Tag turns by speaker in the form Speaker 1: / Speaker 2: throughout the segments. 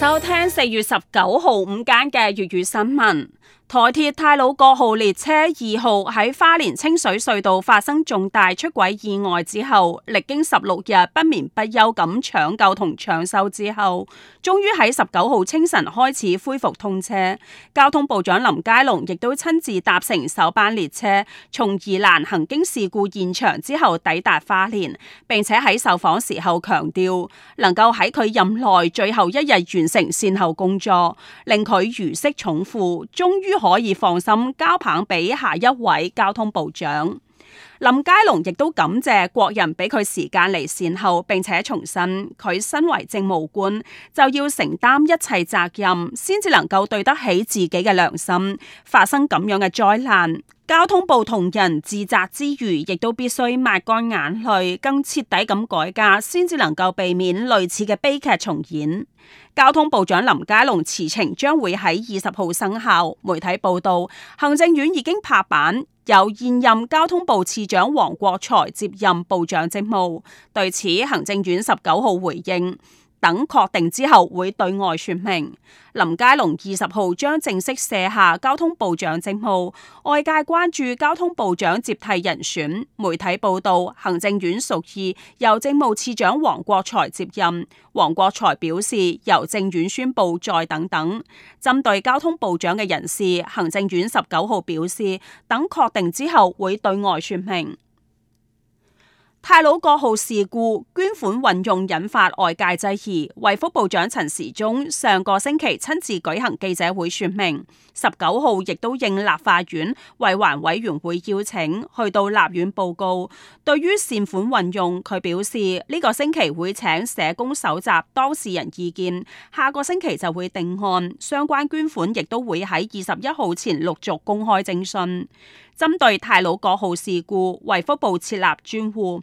Speaker 1: 收聽四月十九號午間嘅粵語新聞。台鐵太魯閣號列車二號喺花蓮清水隧道發生重大出軌意外之後，歷經十六日不眠不休咁搶救同搶修之後，終於喺十九號清晨開始恢復通車。交通部長林佳龍亦都親自搭乘首班列車，從宜蘭行經事故現場之後抵達花蓮，並且喺受訪時候強調，能夠喺佢任內最後一日完成善後工作，令佢如釋重負，終於。可以放心交棒俾下一位交通部長。林佳龍亦都感謝國人俾佢時間嚟善後，並且重申佢身為政務官就要承擔一切責任，先至能夠對得起自己嘅良心。發生咁樣嘅災難，交通部同仁自責之餘，亦都必須抹乾眼淚，更徹底咁改革，先至能夠避免類似嘅悲劇重演。交通部長林佳龍辭呈將會喺二十號生效。媒體報道，行政院已經拍板，由現任交通部次。長王國材接任部長職務，對此，行政院十九號回應。等確定之後會對外説明。林佳龍二十號將正式卸下交通部長職務，外界關注交通部長接替人選。媒體報道，行政院屬意由政務次長王國材接任。王國材表示，由政院宣布再等等。針對交通部長嘅人事，行政院十九號表示，等確定之後會對外説明。泰老個號事故捐款運用引發外界質疑，衛福部長陳時中上個星期親自舉行記者會說明。十九號亦都應立法院衛環委員會邀請去到立院報告。對於善款運用，佢表示呢、這個星期會請社工蒐集當事人意見，下個星期就會定案。相關捐款亦都會喺二十一號前陸續公開徵信。針對太魯閣號事故，衛福部設立專戶。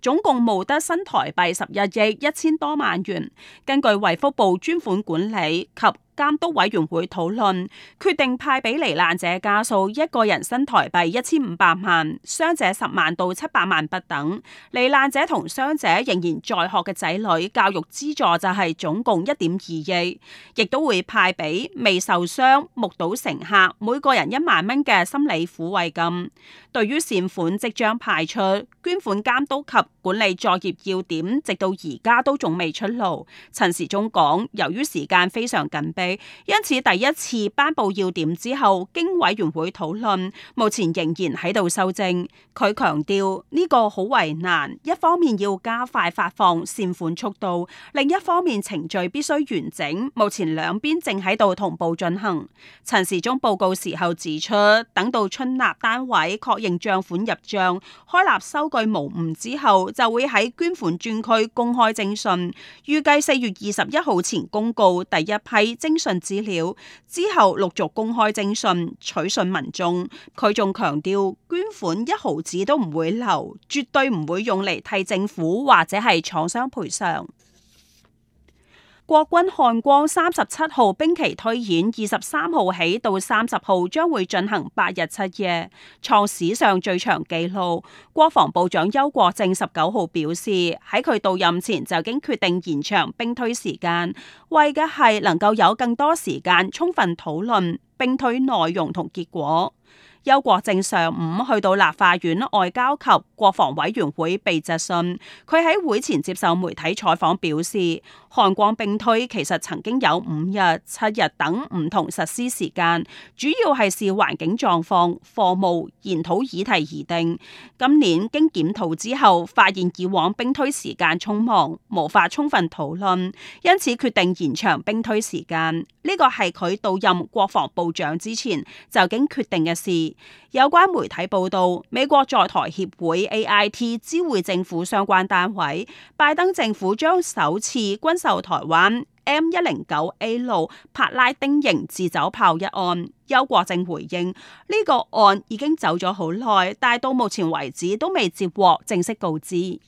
Speaker 1: 總共募得新台幣十一億一千多萬元，根據衛福部專款管理及監督委員會討論，決定派俾罹難者家屬一個人新台幣一千五百萬，傷者十萬到七百萬不等。罹難者同傷者仍然在學嘅仔女教育資助就係總共一點二億，亦都會派俾未受傷目睹乘客每個人一萬蚊嘅心理撫慰金。對於善款即將派出，捐款監督及管理作業要點，直到而家都仲未出爐。陳時中講，由於時間非常緊迫，因此第一次頒布要點之後，經委員會討論，目前仍然喺度修正。佢強調呢個好為難，一方面要加快發放善款速度，另一方面程序必須完整。目前兩邊正喺度同步進行。陳時中報告時候指出，等到出納單位確認賬款入賬、開立收據無誤之後。就會喺捐款專區公開徵信，預計四月二十一號前公告第一批徵信資料，之後陸續公開徵信，取信民眾。佢仲強調，捐款一毫子都唔會留，絕對唔會用嚟替政府或者係廠商賠償。國軍漢光三十七號兵棋推演，二十三號起到三十號將會進行八日七夜，創史上最長紀錄。國防部長邱國正十九號表示，喺佢到任前就已經決定延長兵推時間，為嘅係能夠有更多時間充分討論兵推內容同結果。邱國正上午去到立法院外交及國防委員會被質詢，佢喺會前接受媒體採訪表示，漢光兵推其實曾經有五日、七日等唔同實施時間，主要係視環境狀況、課務、研討議題而定。今年經檢討之後，發現以往兵推時間匆忙，無法充分討論，因此決定延長兵推時間。呢個係佢到任國防部長之前，就經決定嘅事。有關媒體報道，美國在台協會 AIT 知會政府相關單位，拜登政府將首次軍售台灣 M 一零九 A 六帕拉丁型自走炮一案，邱國正回應：呢、這個案已經走咗好耐，但係到目前為止都未接獲正式告知。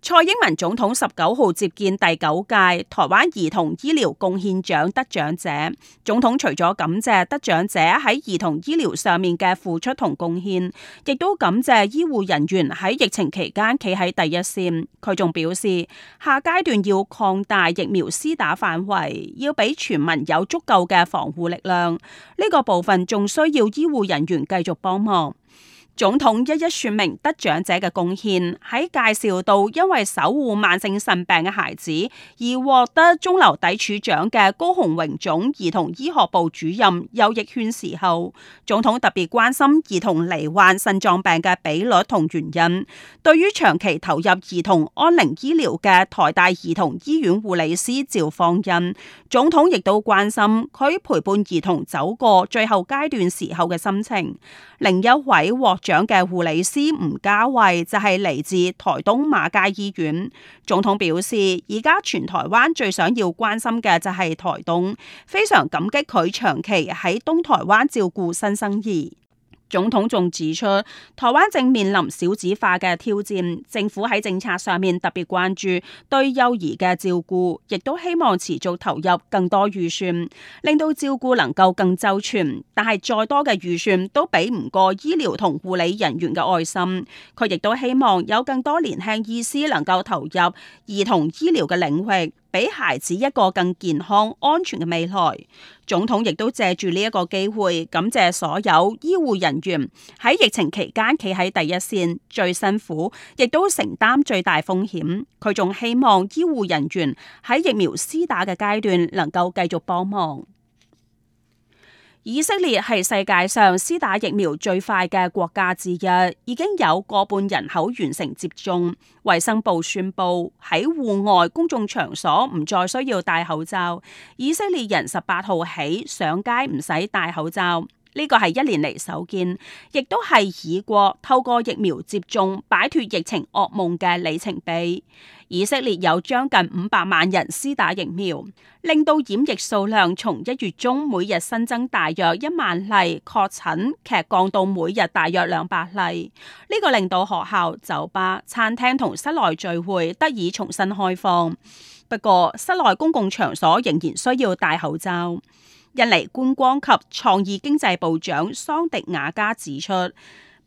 Speaker 1: 蔡英文總統十九號接見第九屆台灣兒童醫療貢獻獎得獎者，總統除咗感謝得獎者喺兒童醫療上面嘅付出同貢獻，亦都感謝醫護人員喺疫情期間企喺第一線。佢仲表示，下階段要擴大疫苗施打範圍，要俾全民有足夠嘅防護力量，呢個部分仲需要醫護人員繼續幫忙。總統一一說明得獎者嘅貢獻，喺介紹到因為守護慢性腎病嘅孩子而獲得中流砥柱獎嘅高雄榮總兒童醫學部主任邱奕軒時候，總統特別關心兒童罹患腎臟病嘅比率同原因。對於長期投入兒童安寧醫療嘅台大兒童醫院護理師趙芳欣，總統亦都關心佢陪伴兒童走過最後階段時候嘅心情。另一位獲長嘅護理師吳家慧就係嚟自台東馬偕醫院。總統表示，而家全台灣最想要關心嘅就係台東，非常感激佢長期喺東台灣照顧新生兒。總統仲指出，台灣正面臨少子化嘅挑戰，政府喺政策上面特別關注對幼兒嘅照顧，亦都希望持續投入更多預算，令到照顧能夠更周全。但係再多嘅預算都比唔過醫療同護理人員嘅愛心。佢亦都希望有更多年輕醫師能夠投入兒童醫療嘅領域。俾孩子一個更健康、安全嘅未來。總統亦都借住呢一個機會，感謝所有醫護人員喺疫情期間企喺第一線，最辛苦，亦都承擔最大風險。佢仲希望醫護人員喺疫苗施打嘅階段，能夠繼續幫忙。以色列係世界上施打疫苗最快嘅國家之一，已經有過半人口完成接種。衛生部宣布喺戶外公眾場所唔再需要戴口罩。以色列人十八號起上街唔使戴口罩，呢個係一年嚟首見，亦都係以國透過疫苗接種擺脫疫情噩夢嘅里程碑。以色列有將近五百萬人施打疫苗，令到染疫數量從一月中每日新增大約一萬例確診，劇降到每日大約兩百例。呢、這個令到學校、酒吧、餐廳同室內聚會得以重新開放，不過室內公共場所仍然需要戴口罩。印尼觀光及創意經濟部長桑迪亞加指出，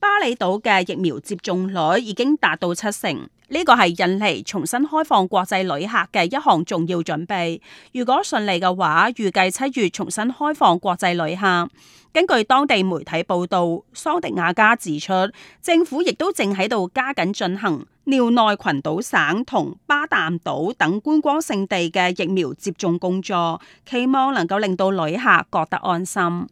Speaker 1: 巴厘島嘅疫苗接種率已經達到七成，呢個係印尼重新開放國際旅客嘅一項重要準備。如果順利嘅話，預計七月重新開放國際旅客。根據當地媒體報道，桑迪亞加指出，政府亦都正喺度加緊進行廖內群島省同巴淡島等觀光勝地嘅疫苗接種工作，期望能夠令到旅客覺得安心。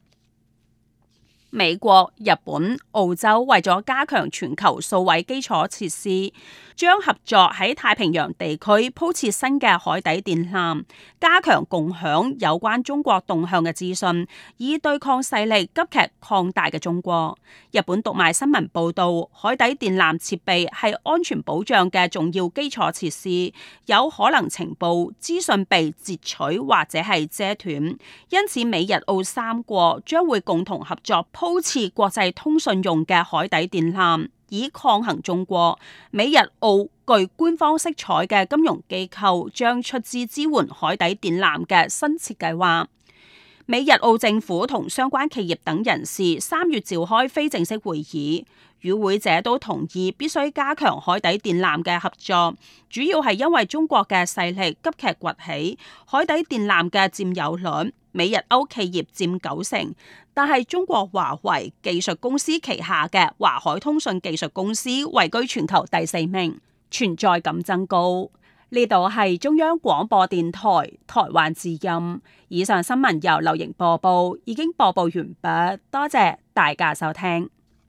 Speaker 1: 美國、日本、澳洲，為咗加強全球數位基礎設施，將合作喺太平洋地區鋪設新嘅海底電纜，加強共享有關中國動向嘅資訊，以對抗勢力急劇擴大嘅中國。日本讀賣新聞報道，海底電纜設備係安全保障嘅重要基礎設施，有可能情報資訊被截取或者係遮斷，因此美日澳三國將會共同合作。鋪設國際通訊用嘅海底電纜，以抗衡中國。美日澳具官方色彩嘅金融機構將出資支援海底電纜嘅新設計畫。美日澳政府同相關企業等人士三月召開非正式會議，與會者都同意必須加強海底電纜嘅合作，主要係因為中國嘅勢力急劇崛起，海底電纜嘅佔有率。美日歐企業占九成，但係中國華為技術公司旗下嘅華海通信技術公司位居全球第四名，存在感增高。呢度係中央廣播電台台灣之音，以上新聞由劉瑩播報，已經播報完畢，多謝大家收聽。